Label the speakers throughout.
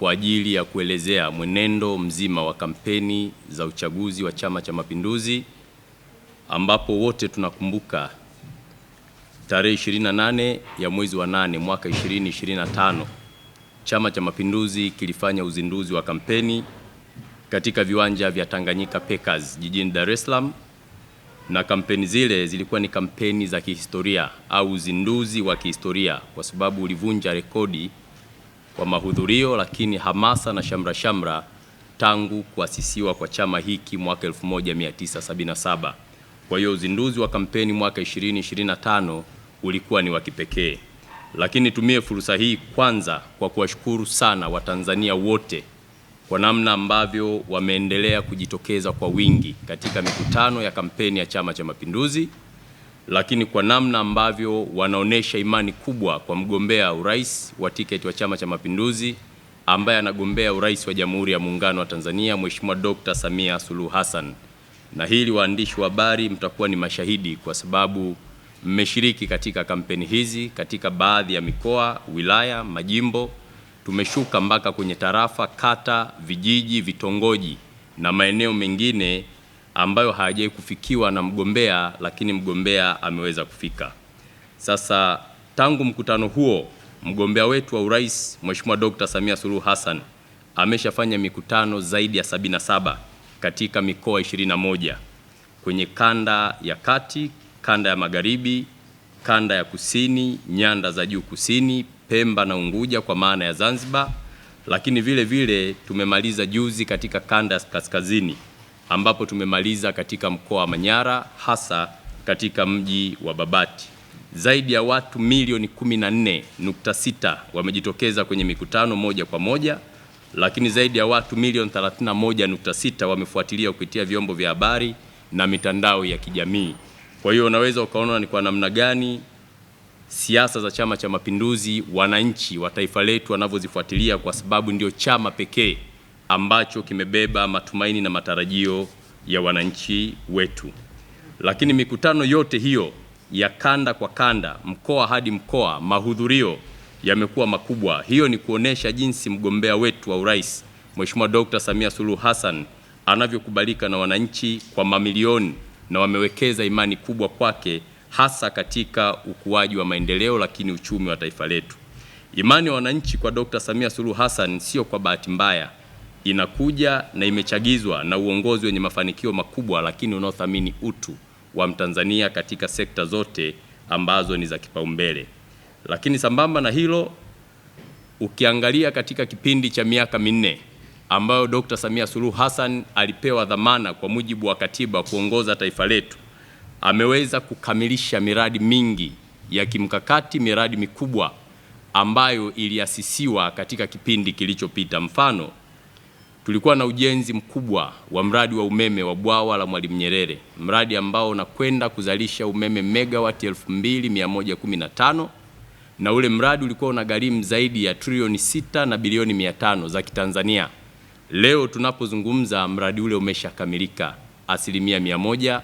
Speaker 1: kwa ajili ya kuelezea mwenendo mzima wa kampeni za uchaguzi wa Chama cha Mapinduzi ambapo wote tunakumbuka tarehe 28 ya mwezi wa 8 mwaka 2025 Chama cha Mapinduzi kilifanya uzinduzi wa kampeni katika viwanja vya Tanganyika Packers jijini Dar es Salaam, na kampeni zile zilikuwa ni kampeni za kihistoria au uzinduzi wa kihistoria kwa sababu ulivunja rekodi wa mahudhurio, lakini hamasa na shamra shamra tangu kuasisiwa kwa chama hiki mwaka 1977. Kwa hiyo uzinduzi wa kampeni mwaka 2025 ulikuwa ni wa kipekee, lakini nitumie fursa hii kwanza kwa kuwashukuru sana Watanzania wote kwa namna ambavyo wameendelea kujitokeza kwa wingi katika mikutano ya kampeni ya Chama cha Mapinduzi lakini kwa namna ambavyo wanaonyesha imani kubwa kwa mgombea urais wa tiketi wa Chama cha Mapinduzi ambaye anagombea urais wa Jamhuri ya Muungano wa Tanzania, Mheshimiwa Dr. Samia Suluhu Hassan. Na hili waandishi wa habari mtakuwa ni mashahidi kwa sababu mmeshiriki katika kampeni hizi katika baadhi ya mikoa, wilaya, majimbo. Tumeshuka mpaka kwenye tarafa, kata, vijiji, vitongoji na maeneo mengine ambayo hayajawahi kufikiwa na mgombea, lakini mgombea ameweza kufika. Sasa tangu mkutano huo mgombea wetu wa urais Mheshimiwa Dr. Samia Suluhu Hassan ameshafanya mikutano zaidi ya 77 katika mikoa 21 kwenye kanda ya kati, kanda ya magharibi, kanda ya kusini, nyanda za juu kusini, Pemba na Unguja kwa maana ya Zanzibar, lakini vile vile tumemaliza juzi katika kanda ya kaskazini ambapo tumemaliza katika mkoa wa Manyara hasa katika mji wa Babati. Zaidi ya watu milioni 14.6 wamejitokeza kwenye mikutano moja kwa moja, lakini zaidi ya watu milioni 31.6 wamefuatilia kupitia vyombo vya habari na mitandao ya kijamii. Kwa hiyo unaweza ukaona ni kwa namna gani siasa za Chama cha Mapinduzi wananchi wa taifa letu wanavyozifuatilia, kwa sababu ndio chama pekee ambacho kimebeba matumaini na matarajio ya wananchi wetu. Lakini mikutano yote hiyo ya kanda kwa kanda, mkoa hadi mkoa, mahudhurio yamekuwa makubwa. Hiyo ni kuonesha jinsi mgombea wetu wa urais Mheshimiwa Dr. Samia Suluhu Hassan anavyokubalika na wananchi kwa mamilioni na wamewekeza imani kubwa kwake hasa katika ukuaji wa maendeleo lakini uchumi wa taifa letu. Imani ya wananchi kwa Dr. Samia Suluhu Hassan sio kwa bahati mbaya, inakuja na imechagizwa na uongozi wenye mafanikio makubwa, lakini unaothamini utu wa Mtanzania katika sekta zote ambazo ni za kipaumbele. Lakini sambamba na hilo, ukiangalia katika kipindi cha miaka minne ambayo Dr. Samia Suluhu Hassan alipewa dhamana kwa mujibu wa katiba kuongoza taifa letu, ameweza kukamilisha miradi mingi ya kimkakati, miradi mikubwa ambayo iliasisiwa katika kipindi kilichopita. Mfano, tulikuwa na ujenzi mkubwa wa mradi wa umeme wa bwawa la Mwalimu Nyerere, mradi ambao unakwenda kuzalisha umeme megawati 2115 na ule mradi ulikuwa una gharimu zaidi ya trilioni 6 na bilioni 500 za Kitanzania. Leo tunapozungumza mradi ule umeshakamilika asilimia mia moja,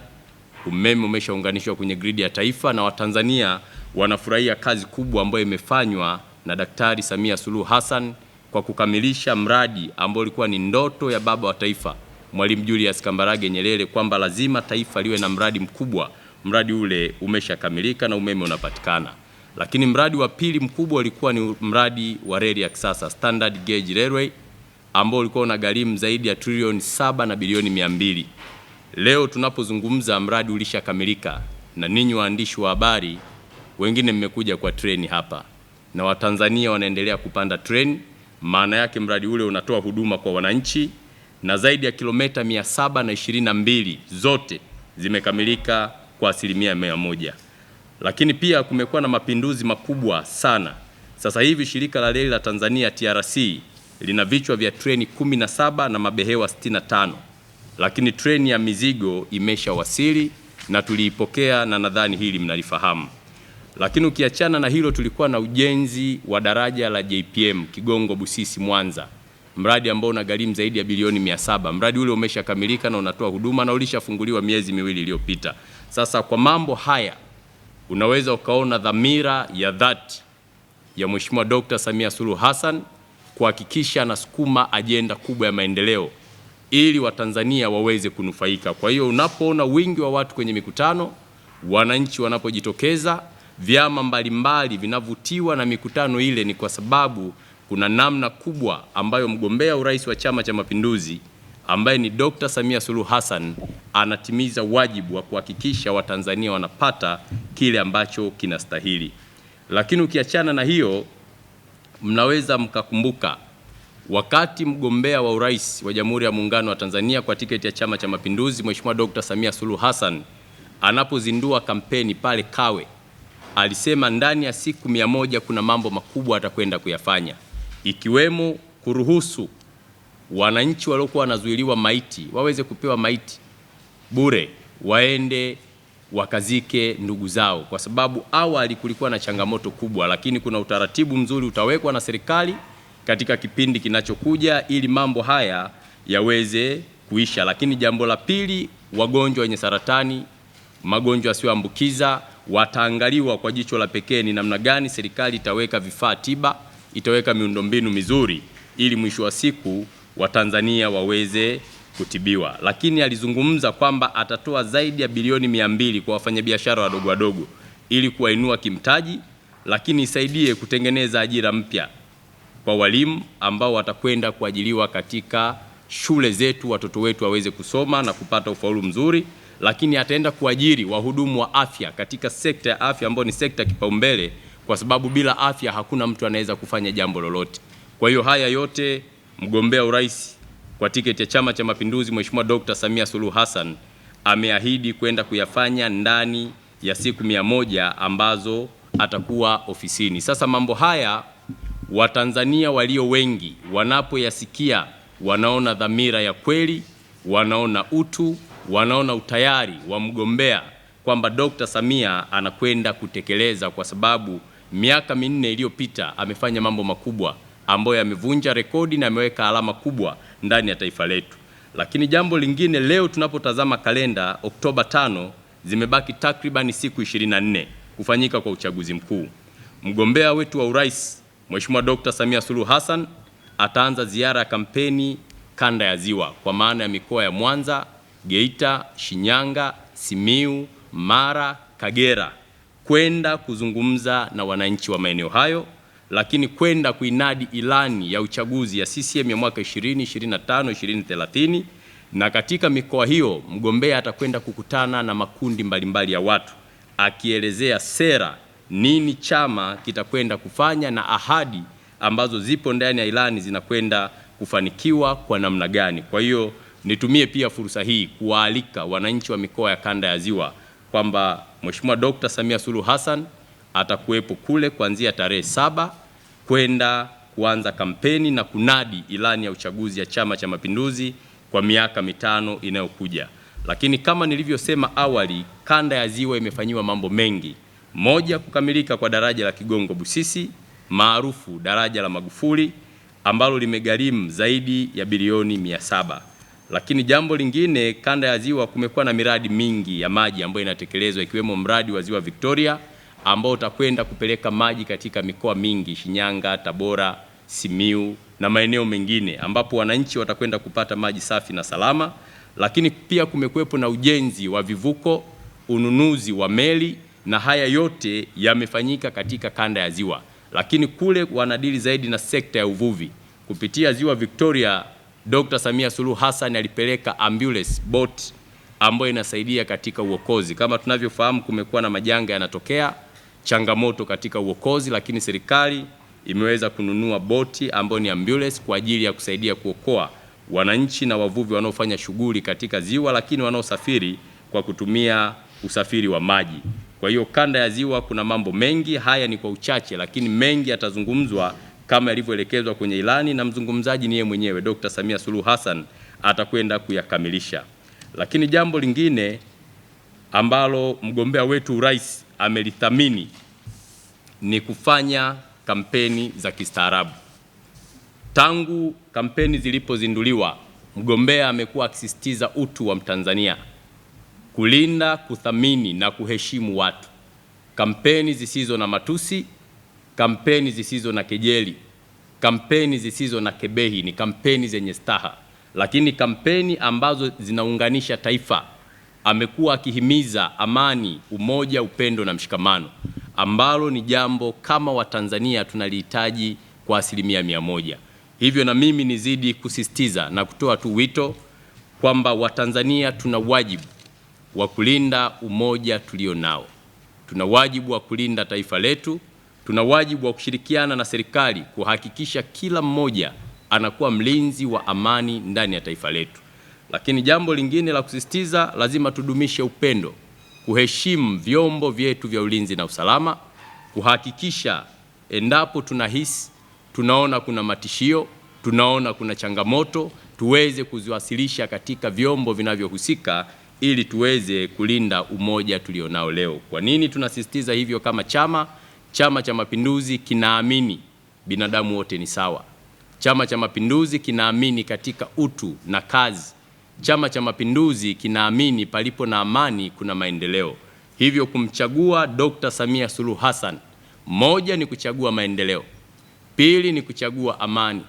Speaker 1: umeme umeshaunganishwa kwenye gridi ya taifa na Watanzania wanafurahia kazi kubwa ambayo imefanywa na Daktari Samia Suluhu Hassan kwa kukamilisha mradi ambao ulikuwa ni ndoto ya baba wa taifa Mwalimu Julius Kambarage Nyerere kwamba lazima taifa liwe na mradi mkubwa. Mradi ule umeshakamilika na umeme unapatikana, lakini mradi wa pili mkubwa ulikuwa ni mradi wa reli ya kisasa Standard Gauge Railway ambao ulikuwa una gharimu zaidi ya trilioni saba na bilioni mia mbili. Leo tunapozungumza mradi ulishakamilika, na ninyi waandishi wa habari wengine mmekuja kwa treni hapa na Watanzania wanaendelea kupanda treni maana yake mradi ule unatoa huduma kwa wananchi na zaidi ya kilomita mbili zote zimekamilika kwa asilimia mia moja. Lakini pia kumekuwa na mapinduzi makubwa sana. Sasa hivi shirika la reli la Tanzania TRC lina vichwa vya treni 17 na mabehewa 65, lakini treni ya mizigo imeshawasili na tuliipokea, na nadhani hili mnalifahamu. Lakini ukiachana na hilo, tulikuwa na ujenzi wa daraja la JPM Kigongo Busisi Mwanza, mradi ambao una gharimu zaidi ya bilioni mia saba. Mradi ule umeshakamilika na unatoa huduma na ulishafunguliwa miezi miwili iliyopita. Sasa kwa mambo haya unaweza ukaona dhamira ya dhati ya Mheshimiwa Dkt. Samia Suluhu Hassan kuhakikisha anasukuma ajenda kubwa ya maendeleo ili Watanzania waweze kunufaika. Kwa hiyo unapoona wingi wa watu kwenye mikutano, wananchi wanapojitokeza vyama mbalimbali vinavutiwa na mikutano ile ni kwa sababu kuna namna kubwa ambayo mgombea urais wa Chama cha Mapinduzi ambaye ni Dr. Samia Suluhu Hassan anatimiza wajibu wa kuhakikisha Watanzania wanapata kile ambacho kinastahili. Lakini ukiachana na hiyo, mnaweza mkakumbuka wakati mgombea wa urais wa Jamhuri ya Muungano wa Tanzania kwa tiketi ya Chama cha Mapinduzi Mheshimiwa Dr. Samia Suluhu Hassan anapozindua kampeni pale Kawe alisema ndani ya siku mia moja kuna mambo makubwa atakwenda kuyafanya ikiwemo kuruhusu wananchi waliokuwa wanazuiliwa maiti waweze kupewa maiti bure, waende wakazike ndugu zao, kwa sababu awali kulikuwa na changamoto kubwa, lakini kuna utaratibu mzuri utawekwa na serikali katika kipindi kinachokuja ili mambo haya yaweze kuisha. Lakini jambo la pili, wagonjwa wenye saratani, magonjwa yasiyoambukiza wataangaliwa kwa jicho la pekee ni namna gani serikali itaweka vifaa tiba, itaweka miundombinu mizuri ili mwisho wa siku Watanzania waweze kutibiwa. Lakini alizungumza kwamba atatoa zaidi ya bilioni mia mbili kwa wafanyabiashara wadogo wadogo ili kuwainua kimtaji, lakini isaidie kutengeneza ajira mpya kwa walimu ambao watakwenda kuajiliwa katika shule zetu, watoto wetu waweze kusoma na kupata ufaulu mzuri lakini ataenda kuajiri wahudumu wa afya katika sekta ya afya ambayo ni sekta kipaumbele, kwa sababu bila afya hakuna mtu anaweza kufanya jambo lolote. Kwa hiyo haya yote mgombea urais kwa tiketi ya Chama cha Mapinduzi Mheshimiwa Dr. Samia Suluhu Hassan ameahidi kwenda kuyafanya ndani ya siku mia moja ambazo atakuwa ofisini. Sasa mambo haya Watanzania walio wengi wanapoyasikia wanaona dhamira ya kweli, wanaona utu wanaona utayari wa mgombea kwamba Dr. Samia anakwenda kutekeleza, kwa sababu miaka minne iliyopita amefanya mambo makubwa ambayo yamevunja rekodi na ameweka alama kubwa ndani ya taifa letu. Lakini jambo lingine, leo tunapotazama kalenda, Oktoba tano zimebaki takribani siku 24 kufanyika kwa uchaguzi mkuu. Mgombea wetu wa urais Mheshimiwa Dr. Samia Suluhu Hassan ataanza ziara ya kampeni kanda ya Ziwa kwa maana ya mikoa ya Mwanza, Geita, Shinyanga, Simiu, Mara, Kagera kwenda kuzungumza na wananchi wa maeneo hayo, lakini kwenda kuinadi ilani ya uchaguzi ya CCM ya mwaka 2025 2030 na katika mikoa hiyo mgombea atakwenda kukutana na makundi mbalimbali ya watu akielezea sera, nini chama kitakwenda kufanya na ahadi ambazo zipo ndani ya ilani zinakwenda kufanikiwa kwa namna gani. Kwa hiyo Nitumie pia fursa hii kuwaalika wananchi wa mikoa ya kanda ya Ziwa kwamba Mheshimiwa Dkt. Samia Suluhu Hassan atakuwepo kule kuanzia tarehe saba kwenda kuanza kampeni na kunadi ilani ya uchaguzi ya Chama cha Mapinduzi kwa miaka mitano inayokuja. Lakini kama nilivyosema awali, kanda ya Ziwa imefanyiwa mambo mengi. Moja, kukamilika kwa daraja la Kigongo Busisi maarufu daraja la Magufuli ambalo limegharimu zaidi ya bilioni mia saba. Lakini jambo lingine, kanda ya ziwa kumekuwa na miradi mingi ya maji ambayo inatekelezwa ikiwemo mradi wa ziwa Victoria ambao utakwenda kupeleka maji katika mikoa mingi Shinyanga, Tabora, Simiu na maeneo mengine ambapo wananchi watakwenda kupata maji safi na salama. Lakini pia kumekuwepo na ujenzi wa vivuko, ununuzi wa meli na haya yote yamefanyika katika kanda ya ziwa. Lakini kule wanadili zaidi na sekta ya uvuvi kupitia ziwa Victoria Dkt. Samia Suluhu Hassan alipeleka ambulance boat ambayo inasaidia katika uokozi. Kama tunavyofahamu, kumekuwa na majanga yanatokea, changamoto katika uokozi, lakini serikali imeweza kununua boti ambayo ni ambulance kwa ajili ya kusaidia kuokoa wananchi na wavuvi wanaofanya shughuli katika ziwa, lakini wanaosafiri kwa kutumia usafiri wa maji. Kwa hiyo kanda ya ziwa kuna mambo mengi, haya ni kwa uchache, lakini mengi yatazungumzwa kama ilivyoelekezwa kwenye ilani na mzungumzaji ni yeye mwenyewe Dr. Samia Suluhu Hassan atakwenda kuyakamilisha. Lakini jambo lingine ambalo mgombea wetu urais amelithamini ni kufanya kampeni za kistaarabu. Tangu kampeni zilipozinduliwa, mgombea amekuwa akisisitiza utu wa Mtanzania, kulinda, kuthamini na kuheshimu watu, kampeni zisizo na matusi kampeni zisizo na kejeli, kampeni zisizo na kebehi, ni kampeni zenye staha, lakini kampeni ambazo zinaunganisha taifa. Amekuwa akihimiza amani, umoja, upendo na mshikamano, ambalo ni jambo kama Watanzania tunalihitaji kwa asilimia mia moja. Hivyo na mimi nizidi kusisitiza na kutoa tu wito kwamba Watanzania tuna wajibu wa kulinda umoja tulio nao, tuna wajibu wa kulinda taifa letu, Tuna wajibu wa kushirikiana na serikali kuhakikisha kila mmoja anakuwa mlinzi wa amani ndani ya taifa letu. Lakini jambo lingine la kusisitiza, lazima tudumishe upendo, kuheshimu vyombo vyetu vya ulinzi na usalama, kuhakikisha endapo tunahisi, tunaona kuna matishio, tunaona kuna changamoto, tuweze kuziwasilisha katika vyombo vinavyohusika ili tuweze kulinda umoja tulionao leo. Kwa nini tunasisitiza hivyo kama chama? Chama cha Mapinduzi kinaamini binadamu wote ni sawa. Chama cha Mapinduzi kinaamini katika utu na kazi. Chama cha Mapinduzi kinaamini palipo na amani kuna maendeleo. Hivyo kumchagua Dr. Samia Suluhu Hassan, moja ni kuchagua maendeleo, pili ni kuchagua amani,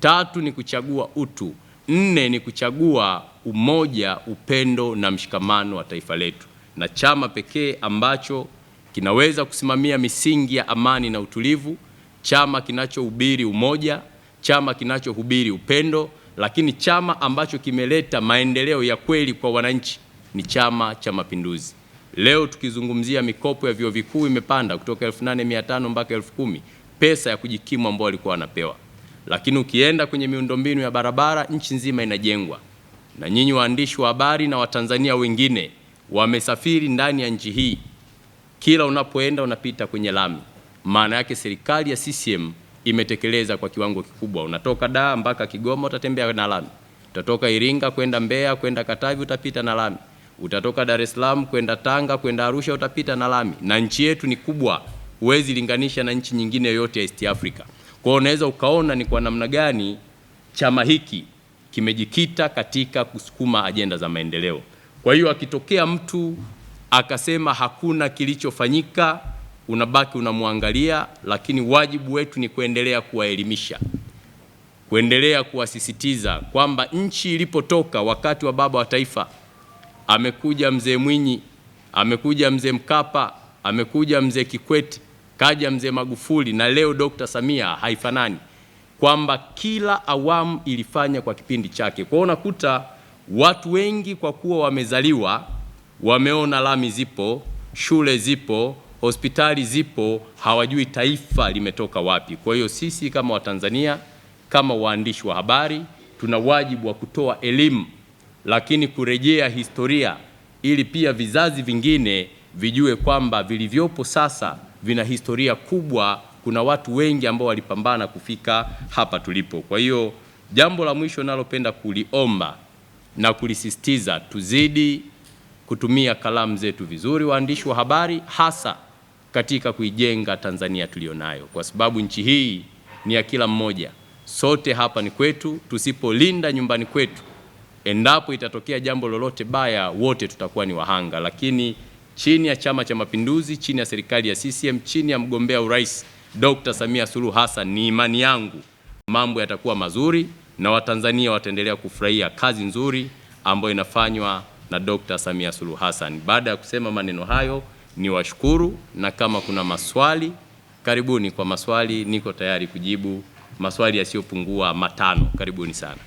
Speaker 1: tatu ni kuchagua utu, nne ni kuchagua umoja, upendo na mshikamano wa taifa letu, na chama pekee ambacho kinaweza kusimamia misingi ya amani na utulivu, chama kinachohubiri umoja, chama kinachohubiri upendo, lakini chama ambacho kimeleta maendeleo ya kweli kwa wananchi ni Chama cha Mapinduzi. Leo tukizungumzia mikopo ya vyuo vikuu imepanda kutoka 8500 mpaka 10000 pesa ya kujikimu ambao walikuwa wanapewa, lakini ukienda kwenye miundombinu ya barabara nchi nzima inajengwa, na nyinyi waandishi wa habari na Watanzania wengine wamesafiri ndani ya nchi hii kila unapoenda unapita kwenye lami. Maana yake serikali ya CCM imetekeleza kwa kiwango kikubwa. Unatoka Dar mpaka Kigoma utatembea na lami, utatoka Iringa kwenda Mbeya kwenda Katavi utapita na lami, utatoka Dar es Salaam kwenda Tanga kwenda Arusha utapita na lami, na nchi yetu ni kubwa, huwezi linganisha na nchi nyingine yoyote ya East Africa. Kwa hiyo unaweza ukaona ni kwa namna gani chama hiki kimejikita katika kusukuma ajenda za maendeleo. Kwa hiyo akitokea mtu akasema hakuna kilichofanyika, unabaki unamwangalia, lakini wajibu wetu ni kuendelea kuwaelimisha, kuendelea kuwasisitiza kwamba nchi ilipotoka wakati wa baba wa taifa, amekuja mzee Mwinyi, amekuja mzee Mkapa, amekuja mzee Kikwete, kaja mzee Magufuli na leo Dr. Samia, haifanani kwamba kila awamu ilifanya kwa kipindi chake. Kwa hiyo unakuta watu wengi kwa kuwa wamezaliwa wameona lami zipo, shule zipo, hospitali zipo, hawajui taifa limetoka wapi. Kwa hiyo sisi kama Watanzania, kama waandishi wa habari, tuna wajibu wa kutoa elimu, lakini kurejea historia ili pia vizazi vingine vijue kwamba vilivyopo sasa vina historia kubwa. Kuna watu wengi ambao walipambana kufika hapa tulipo. Kwa hiyo jambo la mwisho nalopenda kuliomba na kulisisitiza, tuzidi kutumia kalamu zetu vizuri, waandishi wa habari, hasa katika kuijenga Tanzania tuliyonayo, kwa sababu nchi hii ni ya kila mmoja. Sote hapa ni kwetu. Tusipolinda nyumbani kwetu, endapo itatokea jambo lolote baya, wote tutakuwa ni wahanga. Lakini chini ya Chama cha Mapinduzi, chini ya serikali ya CCM, chini ya mgombea urais Dr. Samia Suluhu Hassan, ni imani yangu mambo yatakuwa mazuri na Watanzania wataendelea kufurahia kazi nzuri ambayo inafanywa na Dkt. Samia Suluhu Hassan. Baada ya kusema maneno hayo, ni washukuru na kama kuna maswali karibuni kwa maswali, niko tayari kujibu maswali yasiyopungua matano. Karibuni sana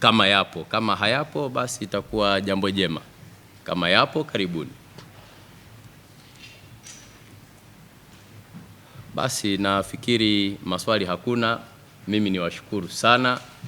Speaker 1: kama yapo. Kama hayapo, basi itakuwa jambo jema. Kama yapo, karibuni. Basi nafikiri maswali hakuna. Mimi ni washukuru sana.